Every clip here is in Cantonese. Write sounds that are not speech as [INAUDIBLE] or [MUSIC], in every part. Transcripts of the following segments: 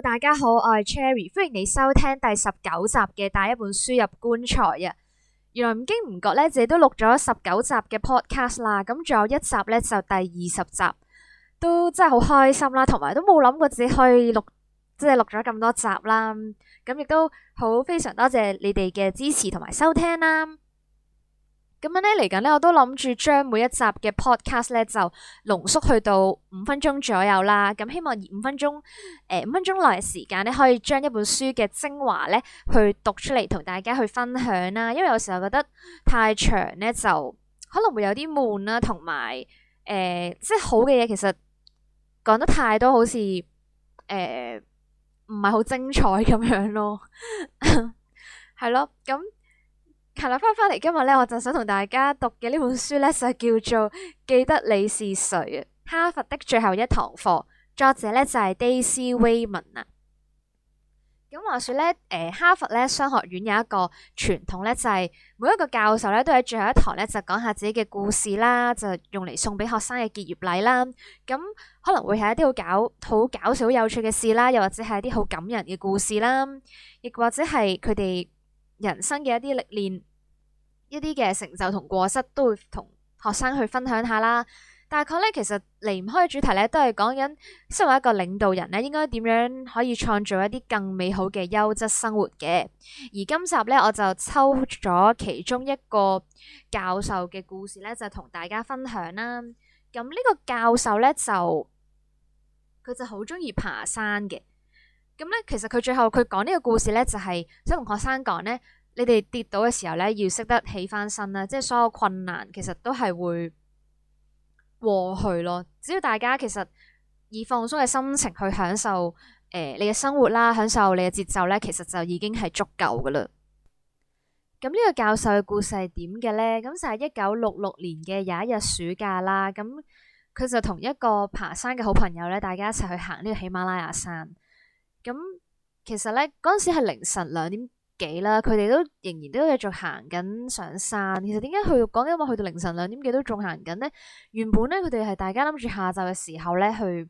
大家好，我係 Cherry，歡迎你收聽第十九集嘅帶一本書入棺材啊！原來唔經唔覺咧，自己都錄咗十九集嘅 podcast 啦，咁仲有一集咧就第二十集，都真係好開心啦，同埋都冇諗過自己可以錄，即係錄咗咁多集啦，咁亦都好非常多謝你哋嘅支持同埋收聽啦。咁樣咧，嚟緊咧，我都諗住將每一集嘅 podcast 咧，就濃縮去到五分鐘左右啦。咁希望以五分鐘，誒、呃、五分鐘內嘅時間咧，可以將一本書嘅精華咧，去讀出嚟同大家去分享啦。因為有時候我覺得太長咧，就可能會有啲悶啦，同埋誒，即、呃、係、就是、好嘅嘢，其實講得太多，好似誒唔係好精彩咁樣咯。 [LAUGHS] 係咯，咁。行翻翻嚟，今日咧我就想同大家讀嘅呢本書咧就係、是、叫做《記得你是誰》，哈佛的最後一堂課，作者咧就係 Daisy Wademan 啊。咁話說咧，誒、呃，哈佛咧商學院有一個傳統咧，就係、是、每一個教授咧都喺最後一堂咧就講下自己嘅故事啦，就用嚟送俾學生嘅結業禮啦。咁可能會係一啲好搞、好搞笑、好有趣嘅事啦，又或者係一啲好感人嘅故事啦，亦或者係佢哋。人生嘅一啲歷練、一啲嘅成就同過失，都會同學生去分享下啦。大概咧，其實離唔開主題咧，都係講緊身為一個領導人咧，應該點樣可以創造一啲更美好嘅優質生活嘅。而今集咧，我就抽咗其中一個教授嘅故事咧，就同大家分享啦。咁呢個教授咧，就佢就好中意爬山嘅。咁咧、嗯，其實佢最後佢講呢個故事咧，就係想同學生講咧，你哋跌倒嘅時候咧，要識得起返身啦，即係所有困難其實都係會過去咯。只要大家其實以放鬆嘅心情去享受，誒、呃、你嘅生活啦，享受你嘅節奏咧，其實就已經係足夠㗎喇。咁呢個教授嘅故事係點嘅咧？咁就係一九六六年嘅有一日暑假啦，咁佢就同一個爬山嘅好朋友咧，大家一齊去行呢個喜馬拉雅山。咁其實咧嗰陣時係凌晨兩點幾啦，佢哋都仍然都繼續行緊上山。其實點解去講緊話去到凌晨兩點幾都仲行緊咧？原本咧佢哋係大家諗住下晝嘅時候咧去誒、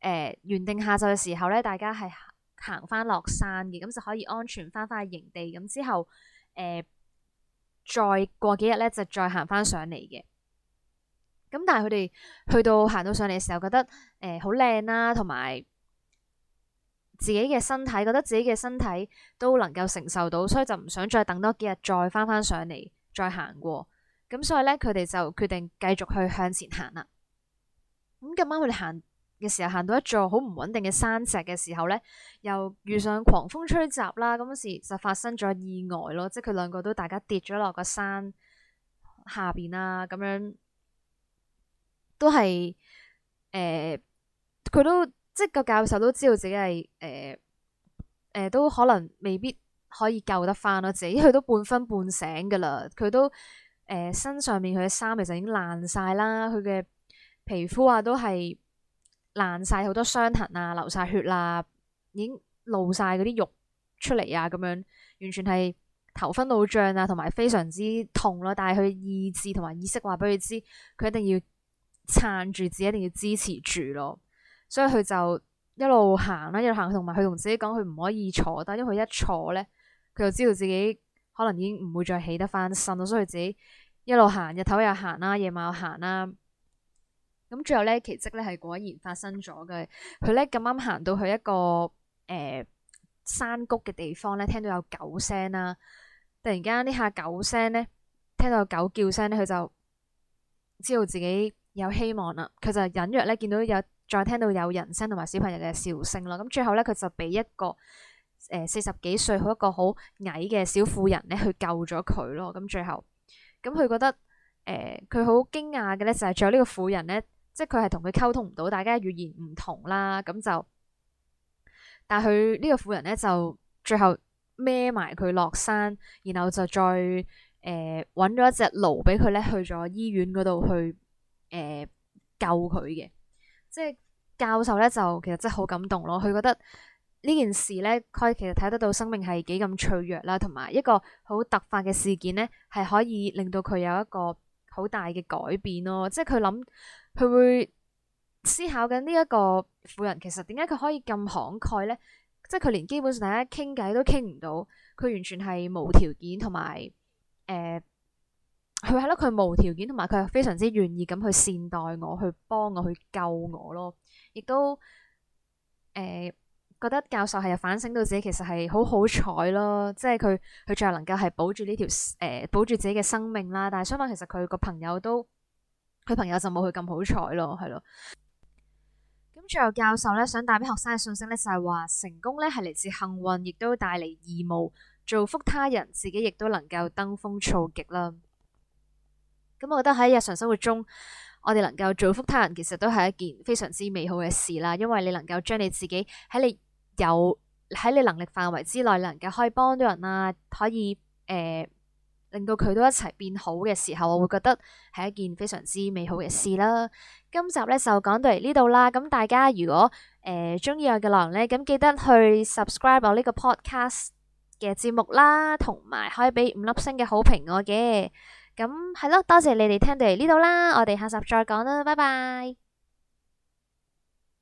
呃、原定下晝嘅時候咧，大家係行翻落山嘅，咁就可以安全翻翻去營地。咁之後誒、呃、再過幾日咧就再行翻上嚟嘅。咁但係佢哋去到行到上嚟嘅時候，覺得誒好靚啦，同、呃、埋。自己嘅身體，覺得自己嘅身體都能夠承受到，所以就唔想再等多幾日，再翻翻上嚟，再行過。咁所以咧，佢哋就決定繼續去向前行啦。咁咁啱，佢哋行嘅時候，行到一座好唔穩定嘅山石嘅時候咧，又遇上狂風吹襲啦。咁時就發生咗意外咯，即係佢兩個都大家跌咗落個山下邊啦、啊。咁樣都係誒，佢、呃、都。即係個教授都知道自己係誒誒，都可能未必可以救得翻咯。自己佢都半昏半醒噶啦，佢都誒、呃、身上面佢嘅衫其實已經爛晒啦，佢嘅皮膚啊都係爛晒，好多傷痕啊，流晒血啦，已經露晒嗰啲肉出嚟，啊，咁樣完全係頭昏腦脹啊，同埋非常之痛咯。但係佢嘅意志同埋意識話俾佢知，佢一定要撐住自己，一定要支持住咯。所以佢就一路行啦，一路行。同埋佢同自己講，佢唔可以坐，但因為佢一坐咧，佢就知道自己可能已經唔會再起得翻身。所以佢自己一路行，日頭又行啦，夜晚又行啦。咁最後咧，奇蹟咧係果然發生咗嘅。佢咧咁啱行到去一個誒、呃、山谷嘅地方咧，聽到有狗聲啦。突然間呢下狗聲咧，聽到有狗叫聲咧，佢就知道自己有希望啦。佢就隱約咧見到有。再聽到有人聲同埋小朋友嘅笑聲咯。咁最後咧，佢就俾一個誒四十幾歲好一個好矮嘅小婦人咧，去救咗佢咯。咁最後咁，佢覺得誒佢好驚訝嘅咧，就係仲有呢個婦人咧，即係佢係同佢溝通唔到，大家語言唔同啦。咁就但係佢、這個、呢個婦人咧，就最後孭埋佢落山，然後就再誒搵咗一隻爐俾佢咧，去咗醫院嗰度去誒、呃、救佢嘅。即係教授咧，就其實真係好感動咯。佢覺得呢件事咧，佢其實睇得到生命係幾咁脆弱啦，同埋一個好突發嘅事件咧，係可以令到佢有一個好大嘅改變咯。即係佢諗，佢會思考緊呢一個婦人其實點解佢可以咁慷慨咧？即係佢連基本上大家傾偈都傾唔到，佢完全係無條件同埋誒。佢話係咯，佢無條件，同埋佢係非常之願意咁去善待我，去幫我去救我咯。亦都誒，覺得教授係又反省到自己，其實係好好彩咯。即係佢佢最後能夠係保住呢條誒保住自己嘅生命啦。但係相反，其實佢個朋友都佢朋友就冇佢咁好彩咯。係咯。咁最後教授咧想帶俾學生嘅訊息咧就係話成功咧係嚟自幸運，亦都帶嚟義務，造福他人，自己亦都能夠登峰造極啦。咁、嗯、我覺得喺日常生活中，我哋能夠造福他人，其實都係一件非常之美好嘅事啦。因為你能夠將你自己喺你有喺你能力範圍之內，能夠可以幫到人啊，可以誒、呃、令到佢都一齊變好嘅時候，我會覺得係一件非常之美好嘅事啦。今集咧就講到嚟呢度啦。咁大家如果誒中意我嘅內容咧，咁記得去 subscribe 我呢個 podcast 嘅節目啦，同埋可以俾五粒星嘅好評我嘅。咁係咯，多謝你哋聽到嚟呢度啦，我哋下集再講啦，拜拜。